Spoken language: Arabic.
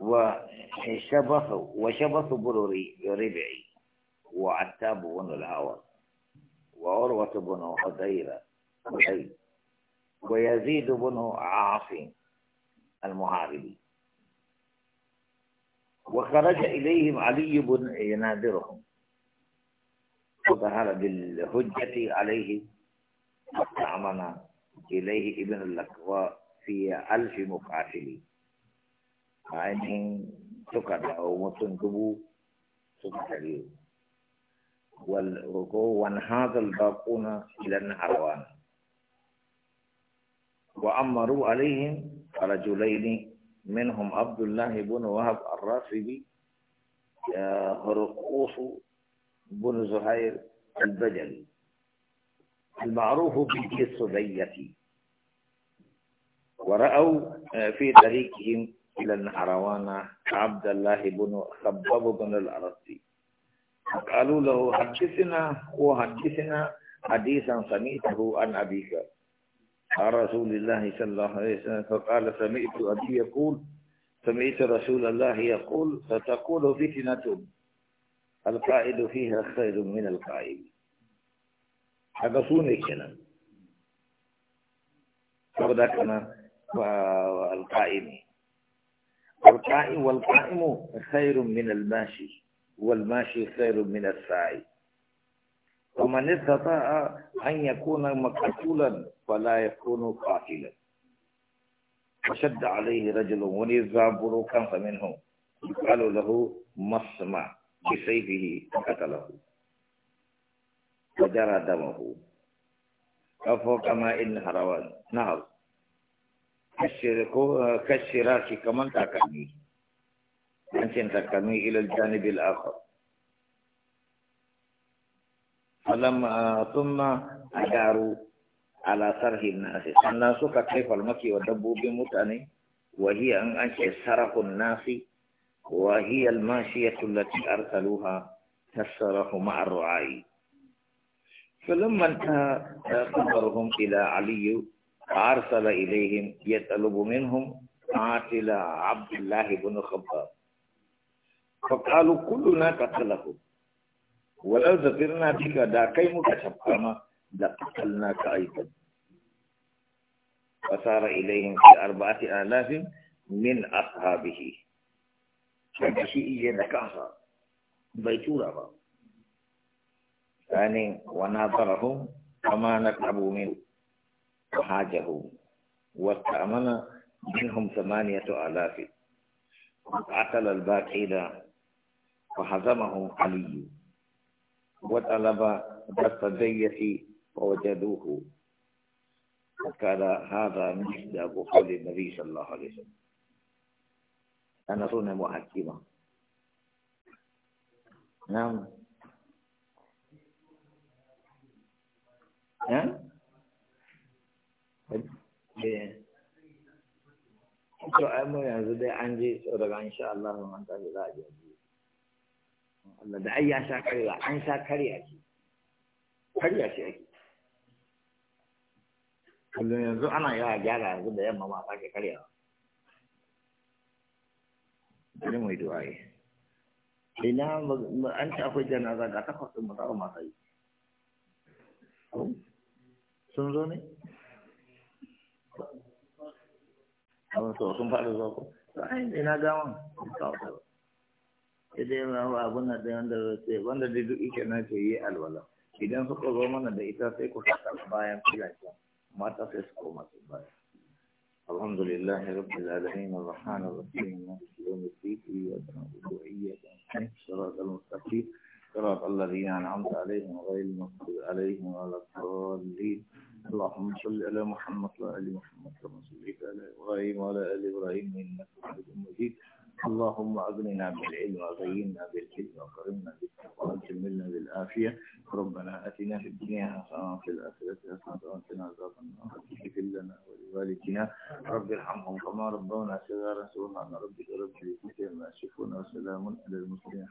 وشبث وشبث بروري ربعي وعتاب بن الهوى وعروة بن حذيرة ويزيد بن عاصم المحاربي وخرج إليهم علي بن ينادرهم وظهر بالهجة عليه استعمل إليه ابن اللقواء في ألف مقاتلين ainihin suka dawo mutum dubu suka tare wal ruko wan hadal baquna ila arwan wa amaru alaihim rajulain منهم عبد الله بن وهب الرافدي هرقوس بن زهير البجلي المعروف به الصدية ورأوا في طريقهم إلى النهروان عبد الله بن خباب بن الأرسي قالوا له حدثنا وحدثنا حديثا سمعته عن أبيك عن رسول الله صلى الله عليه وسلم فقال سمعت أبي يقول سمعت رسول الله يقول ستقول فتنة القائد فيها خير من القائد حدثوني كلام فقد كان القائد والقائم والقائم خير من الماشي والماشي خير من الساعي ومن استطاع أن يكون مقتولا فلا يكون قاتلا فشد عليه رجل ونزع بروكا منه قالوا له مصمع بسيفه فقتله وجرى دمه فوق ماء هروان نهر نعم. كالشراك كمان تاكمي أنت تاكمي إلى الجانب الآخر فلما ثم أداروا على صرح الناس الناس كيف المكي ودبوا بمتاني وهي أن أنشئ صرف الناس وهي الماشية التي أرسلوها تسرح مع الرعاي فلما انتهى خبرهم إلى علي فأرسل إليهم يطلب منهم قاتل عبد الله بن الخطاب فقالوا كلنا قتله ولو ذكرنا بك دا كيم كشبكما لقتلناك أيضا فصار إليهم في أربعة آلاف من أصحابه فكشي إيه نكاسا بيتورا ثاني يعني وناظرهم كما نكتبوا منه وحاجه واستأمن منهم ثمانية آلاف وقتل الباقين فهزمهم علي وطلب دست الدية فوجدوه وكان هذا مثل قول النبي صلى الله عليه وسلم أنا صنع محكمة نعم نعم Eh. to ai mu yanzu dai an je sau daga insha Allah mu manta da za a je Allah da ai ya sha karya an sha karya ce karya ce ake kullum yanzu ana yawa gyara yanzu da yamma ma sake karyawa bari mu yi duwaye ina an ci akwai janaza ga takwas ɗin mu masu yi sun zo ne Abin to sun faɗi zuwa ko? Ai, ina gawan. Sai Idan na wa abin nan da wanda zai wanda dai duk ike na ce yi alwala. Idan suka zo mana da ita sai ku saka bayan filayen mata sai su koma su baya. الحمد لله رب العالمين الرحمن الرحيم مالك يوم الدين اياك نعبد واياك نستعين صراط المستقيم صراط الذين انعمت عليهم غير المغضوب عليهم ولا الضالين اللهم صل على محمد وعلى آل محمد كما صليت على إبراهيم وعلى آل إبراهيم إنك حميد مجيد اللهم أغننا بالعلم وغينا بالحلم وكرمنا بالتقوى وجملنا بالعافية ربنا آتنا في الدنيا حسنة وفي الآخرة حسنة وقنا عذاب النار اغفر لنا ولوالدنا رب ارحمهم كما ربونا صغارا سبحان ربك رب العزة عما يصفون وسلام على المسلمين